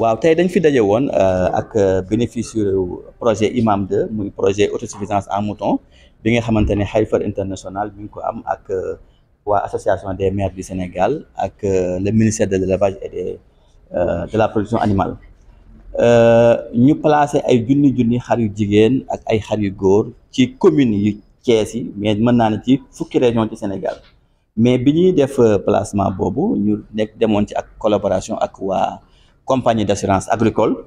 waaw tey dañ fi daje woon euh, ak euh, bénéficiaire projet IMAM 2 muy projet autosuffisance en mouton bi nga xamante ne Heifer International bi ngi ko am ak euh, waa association des maires du Sénégal ak le ministère de l'élevage et des de la production animale ñu placé ay junni junni xar yu jigéen ak ay xar yu góor ci communes yu Thiès yi mais mën naa ne ci fukki région ci Sénégal mais bi ñuy def placement boobu ñu nekk demoon ci ak collaboration ak waa compagnie d'assurance agricole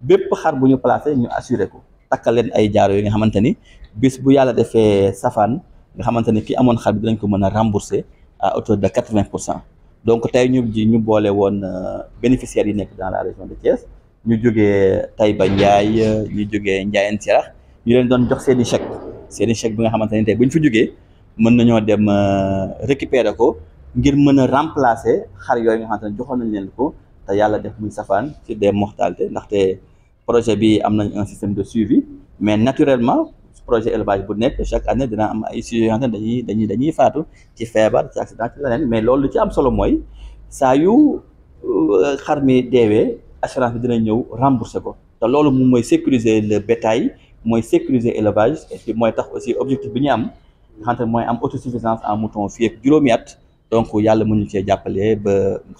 bépp xar bu ñu placé ñu assuré ko takkal leen ay jaaro yi nga xamante ni bis bu yàlla defee safaan nga xamante ni ki amoon xar bi dinañ ko mën a rembourser à de quatre-vingt pour cent donc tey ñu ji ñu boole woon euh, bénéficiaires yi nekk dans la région de Thiès ñu jógee Taïba Ndiaye ñu jógee Ndiayène Sirakh ñu leen doon jox seen i chèque seen i bi nga xamante ni tey bu ñu fi jógee mën nañoo dem euh, récupérer ko ngir mën a remplacer xar yooyu nga xamante ne joxoon nañ leen ko ta yalla def muy safane ci des mortalités té projet bi am un système de suivi mais naturellement projet élevage bu nek chaque année dina am ay sujets yoo xam ne dañuy dañuy faatu ci fièvre ci accident ci leneen mais loolu ci am solo moy sa yu euh, xarmé mi deewee assurance dina ñëw rembourser ko té loolu moom sécuriser le bétail moy sécuriser élevage et puis mooy tax aussi objectif bi ñi am nga moy am autosuffisance en mouton fii ak at donc yàlla mënuñu cee jàppale ba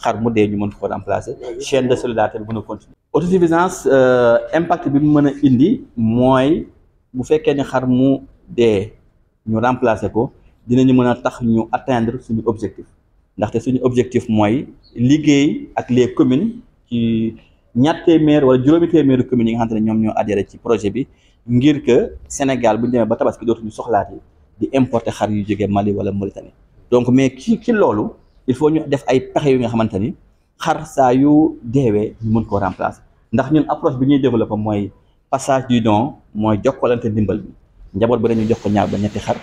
xar mu dee ñu mën ko remplacer chaine de solidarité bi mën a continuer autosuffisance euh, impact bi mu mën a indi mooy bu fekkee ni xar mu dee ñu remplacer ko dinañu mën a tax ñu attendre suñu objectif ndaxte suñu objectif mooy liggéey ak les commune ci ñaar téeméer wala juróomi téeméeri communes yi nga xam ne ñoom ñoo adhéré ci projet bi ngir que Sénégal bu ñu demee ba tabaski soxlaat soxlaati di importer xar yu jógee Mali wala Mauritanie donc mais ki ci loolu il faut ñu def ay pexe yu nga xamante ni xar saa yu deewee ñu mën koo remplacer ndax ñun approche bi ñuy développé mooy passage du don mooy jokkalante ndimbal bi njaboot bi dañuy jox ko ñaar ba ñetti xar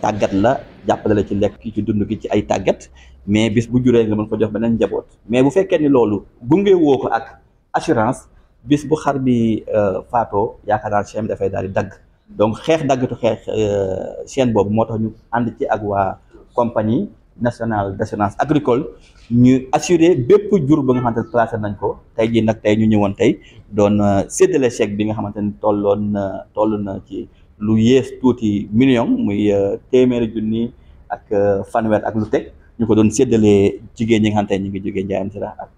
tàggat la jàppale la ci lekk ci dund ki ci ay tàggat mais bis bu juree nga mën ko jox beneen njaboot mais bu fekkee ni loolu gunge woo ko ak assurance bis bu xar bi euh, faatoo yaakaar naa chaîne bi dafay daal di dagg donc xeex daggatu xeex euh, chaîne boobu moo tax ànd ci ak waa compagnie nationale d'assurance agricole ñu assurer bépp jur ba nga xamante ne placé nañ ko tey jii nag tey ñu ñëwoon tey doon euh, séddale chèque bi nga xamante ni tolloon na euh, toll na ci lu yées tuuti million muy euh, téeméeri junni ak fanweer ak lu teg ñu ko doon séddalee jigéen ñi nga xamante ñu ngi jógee Ndiayène Sirakh ak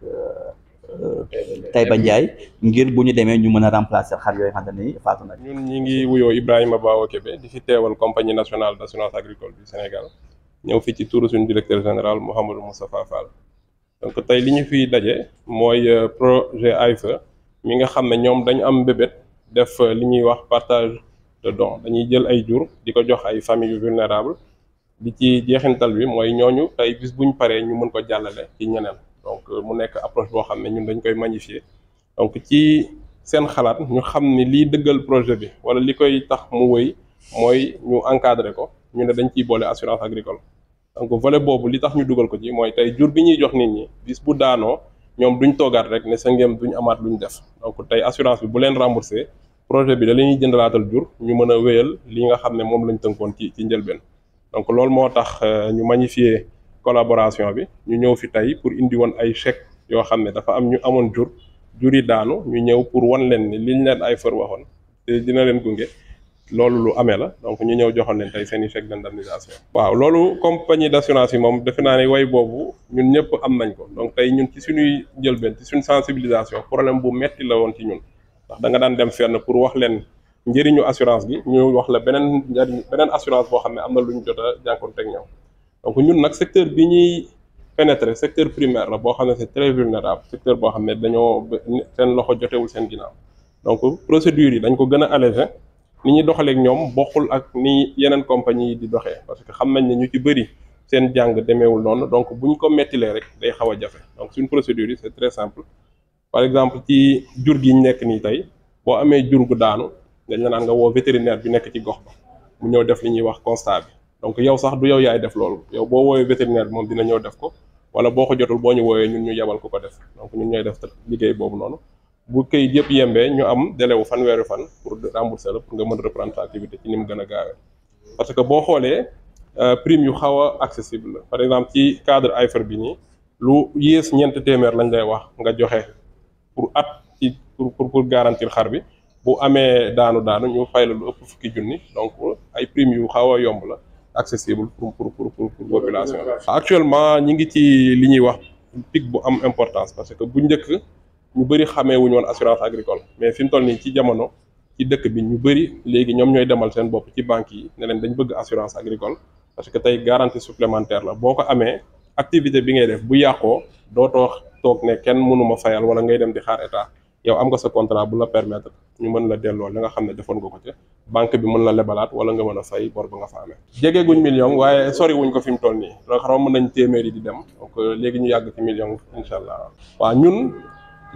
Taïba Ndiaye ngir bu ñu demee ñu mën a remplacer xar yooyu xamante ni faatu na ñun ñu ngi wuyoo Ibrahima Bawo Kébé di fi teewal compagnie agricole Sénégal ñëw fi ci turu suñu directeur général Mohamed Moustapha Fall donc tay li ñu fi daje moy euh, projet AIFE mi nga xamné ñom dañ am bébét def euh, li ñuy wax partage de don dañuy jël ay jur diko ko jox ay famille vulnérable di ci jeexintal bi moy ñooñu tay bis buñ paré ñu mën ko jallalé ci ñeneen donc euh, mu nekk approche bo xamné ñun dañ koy magnifier donc ci seen xalaat ñu xam li dëggal projet bi wala likoy tax mu wëy moy ñu encadrer ko ñu ne dañ ciy boole assurance agricole donc volet boobu li tax ñu dugal ko ci mooy tey jur bi ñuy jox nit ñi bis bu daanoo ñoom duñ toogaat rek ne sa ngéem duñ amaat luñ def donc tey assurance bi bu leen remboursé projet bi da la ñuy jëndalaatal jur ñu mën a wéyal li nga xam ne moom lañ tënkoon ci ci njëlbeen donc loolu moo tax euh, ñu magnifier collaboration bi ñu ñëw fi tey pour indi woon ay chèque yoo xam ne dafa am ñu amoon jur jur yi daanu ñu ñëw pour wan leen ni liñ leen ay fër waxoon dina leen gunge loolu lu amee la donc ñu ñëw joxoon leen tey seen i chèque d'indemnisation waaw loolu compagnie d'assurance yi moom defe naa ne way boobu ñun ñëpp am nañ ko donc tey ñun ci suñuy njëlbeen ci suñ sensibilisation problème bu metti la woon ci ñun ndax danga daan dem fenn pour wax leen njëriñu assurance bi ñu wax la beneen beneen assurance boo xam ne am na lu ñu jot a jànkoonteeg ñoom donc ñun nag secteur bi ñuy pénétrer secteur primaire la boo xam ne c'est très vulnérable secteur boo xam ne dañoo seen loxo jotewul seen ginnaaw donc procédure yi dañ ko gën a alléger ni ñuy doxaleek ñoom bokkul ak ni yeneen compagnie yi di doxee parce que xam nañ ne ñu ci bëri seen jàng demeewul noonu donc bu ñu ko mettilee rek day xaw a jafe donc suñ procédure yi c'est très simple par exemple ci jur gi ñu nekk nii tey boo amee jur gu daanu dañ la naan nga woo vétérinaire bi nekk ci gox ba mu ñëw def li ñuy wax constat bi donc yow sax du yow yaay def loolu yow boo woowee vétérinaire bi moom dina ñëw def ko wala boo ko jotul boo ñu woowee ñun ñu yebal ku ko def donc ñun ñooy def liggéey boobu noonu bu kay yëpp yembe ñu am délai wu fan wéru fan pour rembourser la pour nga mëna reprendre activité ci nim gëna gaawé parce que boo xoolee euh, prime yu xawa accessible par exemple ci cadre Ayfer bi ni lu yes ñent téeméer lañ lay wax nga joxé pour at ci pour pour garantir xar bi bu amé daanu daanu ñu fay la lu ëpp fukki jooni donc ay prime yu xawa yomb la accessible pour pour pour pour population. actuellement ñi ngi ci li ñi wax pic bu am importance parce que bu ñëk ñu bëri xamee wuñu woon assurance agricole mais fi mu toll nii ci jamono ci dëkk bi ñu bëri léegi ñoom ñooy demal seen bopp ci banque yi ne leen dañ bëgg assurance agricole parce que tey garantie supplémentaire la boo ko amee activité bi ngay def bu yàqoo dootoo toog ne kenn mënuma fayal wala ngay dem di xaar état yow am nga sa contrat bu la permettre ñu mën la delloo li nga xam ne defoon nga ko ca banque bi mën la lebalaat wala nga mën a fay bor ba nga fa amee jege guñ million waaye sori wuñ ko fi mu toll nii donc mën nañ téeméer yi di dem donc léegi ñu yàgg ci million incha allah waaw ñun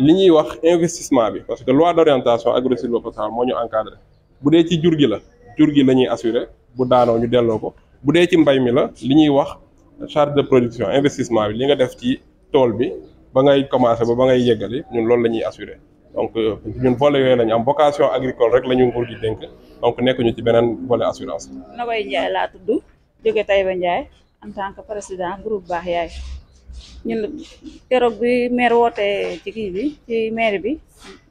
li ñuy wax investissement bi parce que loi d'orientation agro-sylvo-pastorale moo ñu encadré bu dé ci jurgi la jurgi gi la ñuy assuré bu daano ñu delloo ko bu dé ci mbay mi la li ñuy wax charge de production investissement bi li nga def ci tol bi ba ngay commencer ba ba ngay yeggali ñun loolu la ñuy assuré donc ñun volé yooyu lañ am vocation agricole rek la ñu nguur gi dénk donc ñu ci benen volé assurance. Nakoy Ndiaye laa tudd jóge Taïba Ndiaye en tant que président groupe bah Yaay. ñun keroog bi maire woote ci kii bi ci maire bi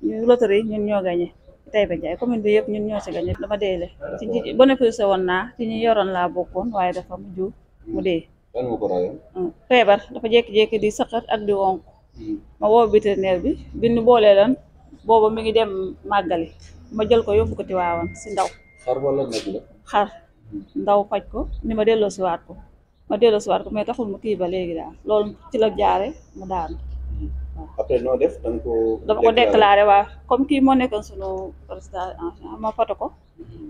ñu loterie yi ñun ñoo gagné Taïba Ndiaye commune bi yëpp ñun ñoo si gagné dama deele ci se woon naa ci ñu yoroon laa bokkoon waaye dafa mujj mu dee mm, feebar dafa jékki-jékki di saqat ak di wonk mm. ma woo vétérinaire bi bi ñu boolee lan booba mi ngi dem màggali ma jël ko yóbbu ko Tiwaawan si ndaw xar wala nag la ndaw faj ko ni ma delloo si waat ko ma delloosiwaat ko mais taxul mu kii ba léegi daal loolu ci la jaare mu daanu. après noo def da ko. dama ko déclaré waaw comme kii moo nekkoon sunu président ma foto ko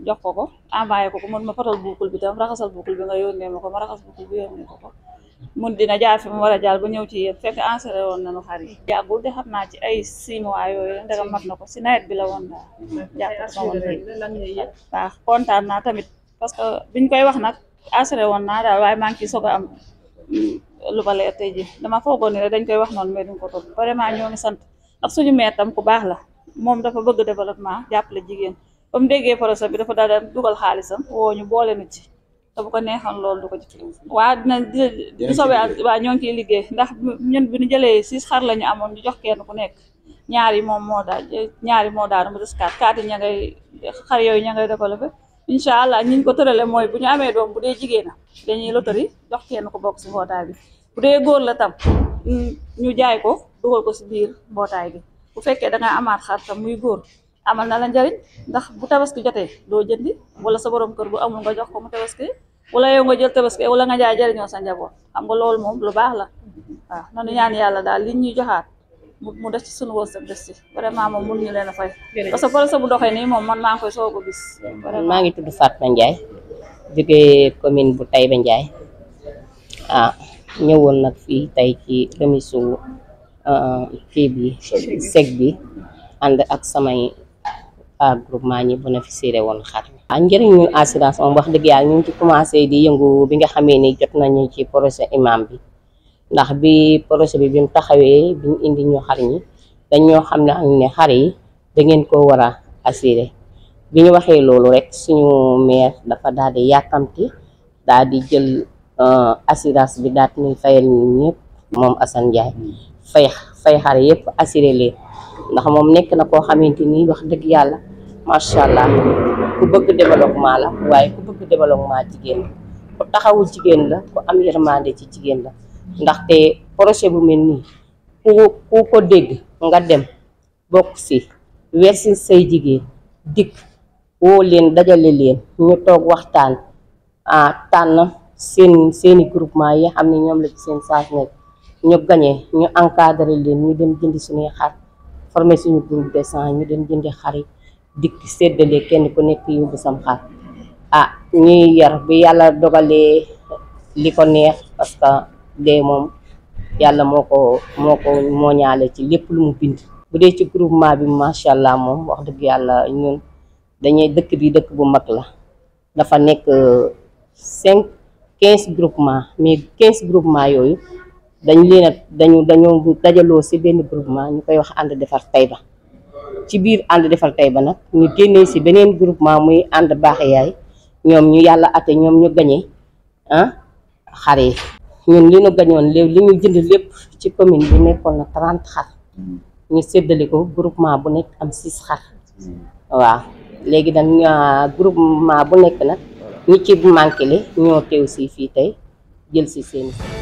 jox ko ko envoyé ko ko mun ma fotal buukul bi tam raxasal buukul bi nga yónnee ma ko ma raxas buukul bi yónnee ko ko mun dina jaar fi mu war a ba ñëw ci yéen fekk enserré woon nañu xar yi. yàggul de xam naa ci ay six mois yo la ndaga mat ko si nawet bi la woon daal. jàpp na tamit parce que biñ koy wax nag. assuré woon naa daal waaye maa ngi ciy soog am mm, lu ba leer tey jii dama foogoon ne dañ koy wax noonu mais duñ ko topp vraiment ñoo ngi sant ndax suñu maire tam baax la moom dafa bëgg développement jàppale jigéen ba mu déggee projet bi dafa daal dugal xaalisam woo ñu boole nu ci te bu ko neexoon loolu du ko ci waa dina du soobee ñoo ngi ciy liggéey ndax ñun bi ñu jëlee si xar la ñu amoon ñu jox kenn ku nekk ñaari moom moo daal ñaari moo daal mu des kaat kaat yi ña ngay xar yooyu ña ngay développé incha allah ñi ñu ko tëralee mooy bu ñu amee doom bu dee jigéen a dañuy lotori jox kenn ko bokk si mbootaay bi bu dee góor la tam ñu jaay ko dugal ko si biir mbootaay bi bu fekkee da amaat xar tam muy góor amal na la njariñ ndax bu tabaski jotee doo jëndi wala sa borom kër bu amul nga jox ko mu tabaski wala yow nga jël tabaski wala nga jaay jariñoo sa njaboot xam nga loolu moom lu baax la waaw ñaan yàlla daal li ñuy joxaat mu def ci sunu wërsëg def ci vraiment mom mu ñu leen fay parce que projet bu doxé ni mom man ma ngi koy soog a gis ma ngi tuddu Fatma Ndjay jogé commune bu Tayba Ndjay ah ñëwoon nak fi tay ci remisu euh ah, ki bi sec bi and ak sama samay ah, groupement ñi bénéficier won xat a ah, ngir ñu assurance on wax deug yàlla ñu ci commencé di yëngu bi nga xamé ni jot nañu ci projet imam bi ndax bi projet bi bim taxawé bu indi ñu xar ñi dañoo xam ne am ne da ngeen ko wara a assuré bi ñu waxee loolu rek suñu maire dafa daal yakamti yàkkamti jël euh assurance bi daal di fayal ñepp mom Assane jaay fay fay xar yépp assuré lé ndax mom nekk na ko xamanteni wax dëgg yàlla macha ku bëgg développement la waye ku bëgg développement jigen ko taxawul jigen la ko am yermandé ci jigen la. ndaxte projet bu mel nii ku ku ko dégg nga dem bokk si wersi say jigéen dikk woo leen dajale leen ñu toog waxtaan ah tànn seen seeni groupement yi am na ñoom la ci seen saas nekk ñu gañee ñu encadré leen ñu dem jëndi suñuy xar forme suñu groupe de sang ñu dem jëndi xar dikk séddale kenn ku nekk yóbbu sam xar ah ñuy yar bi yàlla dogalee li ko neex parce dee moom yàlla moo ko moo ko moo ci lépp lu mu bind bu dee ci groupement bi macha allah moom wax dëgg yàlla ñun dañuy dëkk bi dëkk bu mag la dafa nekk euh, cinq quinze groupement mais quinze groupement yooyu dañ leen dañu dañu dañoo dajaloo si benn groupement ñu koy wax ànd defar ba ci biir ànd defar Taïba nag ñu génnee si beneen groupement muy ànd baax yaay ñoom ñu yàlla ate ñoom ñu gañe ah xare yi ñun li ñu gañoon li ñu jënd lépp ci commune bi nekkoon na trente xar mm. ñu séddale ko groupement bu nekk am six xar mm. waaw léegi dañ groupement bu nekk nag ñi ci manqué le ñoo teew si fii tey jël si seen